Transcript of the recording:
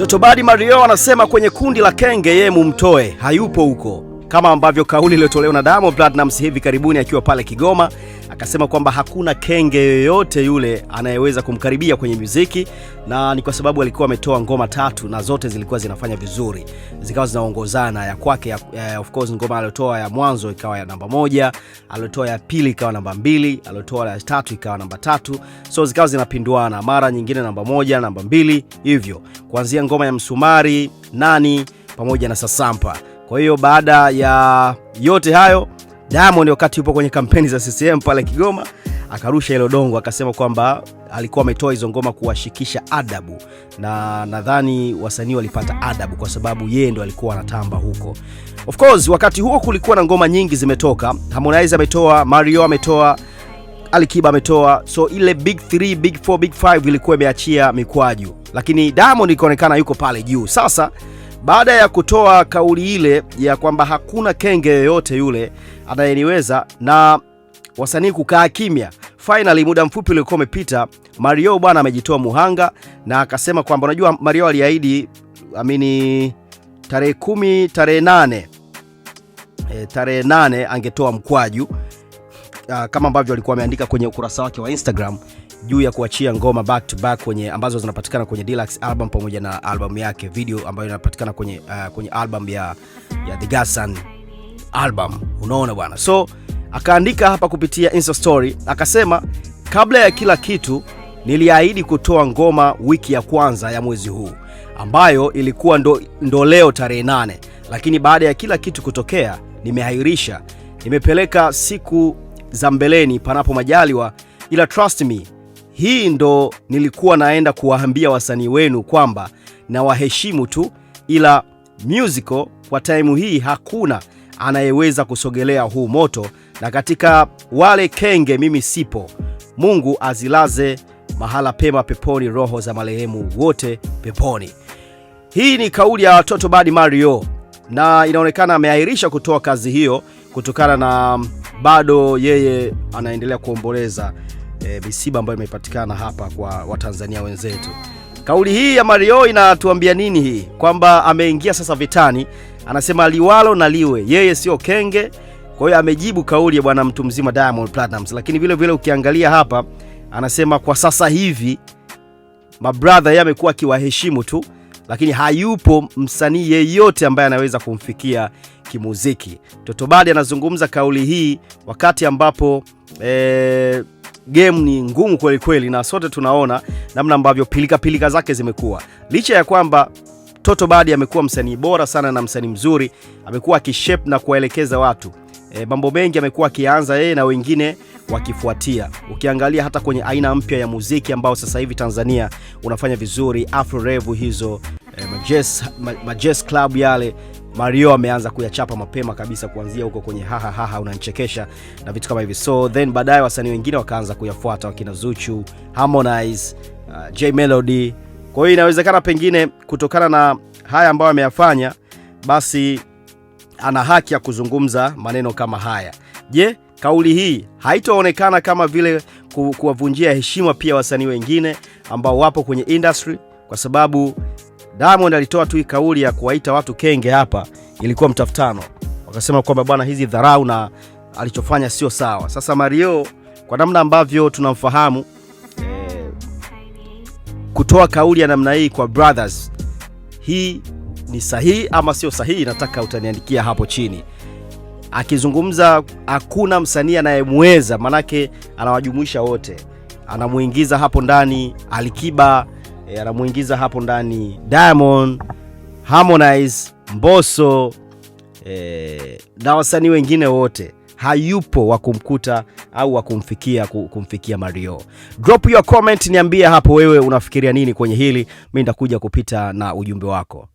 Totobadi Mario anasema kwenye kundi la kenge yeye mumtoe, hayupo huko, kama ambavyo kauli iliyotolewa na Diamond Platnumz hivi karibuni akiwa pale Kigoma akasema kwamba hakuna kenge yoyote yule anayeweza kumkaribia kwenye muziki, na ni kwa sababu alikuwa ametoa ngoma tatu na zote zilikuwa zinafanya vizuri, zikawa zinaongozana. Ya kwake ya, ya, eh, of course ngoma aliyotoa ya mwanzo ikawa ya namba moja, aliyotoa ya pili ikawa namba mbili, aliyotoa ya tatu ikawa namba tatu, so zikawa zinapinduana, mara nyingine namba moja, namba mbili, hivyo kuanzia ngoma ya msumari nani pamoja na sasampa. Kwa hiyo baada ya yote hayo Diamond wakati yupo kwenye kampeni za CCM pale Kigoma akarusha hilo dongo akasema kwamba alikuwa ametoa hizo ngoma kuwashikisha adabu, na nadhani wasanii walipata adabu kwa sababu yeye ndo alikuwa anatamba huko. Of course wakati huo kulikuwa na ngoma nyingi zimetoka. Harmonize ametoa, Mario ametoa, Alikiba ametoa, so ile big 3, big 4, big 5 ilikuwa imeachia mikwaju, lakini Diamond ikaonekana yuko pale juu sasa baada ya kutoa kauli ile ya kwamba hakuna kenge yoyote yule anayeniweza na wasanii kukaa kimya, finally muda mfupi uliokuwa umepita, Mario bwana amejitoa muhanga na akasema kwamba unajua, Mario aliahidi amini tarehe kumi tarehe nane e, tarehe nane angetoa mkwaju uh, kama ambavyo alikuwa ameandika kwenye ukurasa wake wa Instagram juu ya kuachia ngoma back to back kwenye ambazo zinapatikana kwenye deluxe album pamoja na album yake video ambayo inapatikana kwenye, uh, kwenye album ya, ya The Gasan album, unaona bwana. So akaandika hapa kupitia Insta story akasema, kabla ya kila kitu niliahidi kutoa ngoma wiki ya kwanza ya mwezi huu ambayo ilikuwa ndo, ndo leo tarehe nane, lakini baada ya kila kitu kutokea nimehairisha. Nimepeleka siku za mbeleni panapo majaliwa, ila trust me, hii ndo nilikuwa naenda kuwaambia wasanii wenu kwamba na waheshimu tu, ila musical kwa taimu hii hakuna anayeweza kusogelea huu moto, na katika wale kenge mimi sipo. Mungu azilaze mahala pema peponi roho za marehemu wote peponi. Hii ni kauli ya Toto Bad Mario na inaonekana ameahirisha kutoa kazi hiyo kutokana na bado yeye anaendelea kuomboleza e, misiba ambayo imepatikana hapa kwa Watanzania wenzetu. Kauli hii ya Mario inatuambia nini hii? Kwamba ameingia sasa vitani, anasema liwalo na liwe, yeye sio kenge. Kwa hiyo amejibu kauli ya bwana mtu mzima Diamond Platnumz, lakini vile vile ukiangalia hapa anasema kwa sasa hivi mabradha yeye amekuwa akiwaheshimu tu lakini hayupo msanii yeyote ambaye anaweza kumfikia kimuziki. Totobadi anazungumza kauli hii wakati ambapo e, game ni ngumu kweli kweli, na sote tunaona namna ambavyo pilika pilika zake zimekuwa, licha ya kwamba Toto Badi amekuwa msanii bora sana na msanii mzuri, amekuwa akishape na kuwaelekeza watu e, mambo mengi amekuwa akianza yeye na wengine wakifuatia. Ukiangalia hata kwenye aina mpya ya muziki ambao sasa hivi Tanzania unafanya vizuri, afro revu hizo majes, club yale Mario ameanza kuyachapa mapema kabisa kuanzia huko kwenye hahaha haha na vitu kama hivi. So then baadaye wasanii wengine wakaanza kuyafuata wakina Zuchu, Harmonize, uh, J Melody. Kwa hiyo inawezekana pengine kutokana na haya ambayo ameyafanya, basi ana haki ya kuzungumza maneno kama haya. Je, kauli hii haitoonekana kama vile kuwavunjia heshima pia wasanii wengine ambao wapo kwenye industry kwa sababu Diamond alitoa tu kauli ya kuwaita watu kenge hapa, ilikuwa mtafutano, wakasema kwamba bwana, hizi dharau na alichofanya sio sawa. Sasa Mario kwa namna ambavyo tunamfahamu kutoa kauli ya namna hii kwa brothers, hii ni sahihi ama sio sahihi? Nataka utaniandikia hapo chini. Akizungumza hakuna msanii anayemweza, manake anawajumuisha wote, anamuingiza hapo ndani Alikiba e, eh, anamuingiza hapo ndani Diamond, Harmonize, Mbosso e, na wasanii wengine wote hayupo wa kumkuta au wa kumfikia kumfikia Mario. Drop your comment, niambie hapo wewe unafikiria nini kwenye hili. Mimi nitakuja kupita na ujumbe wako.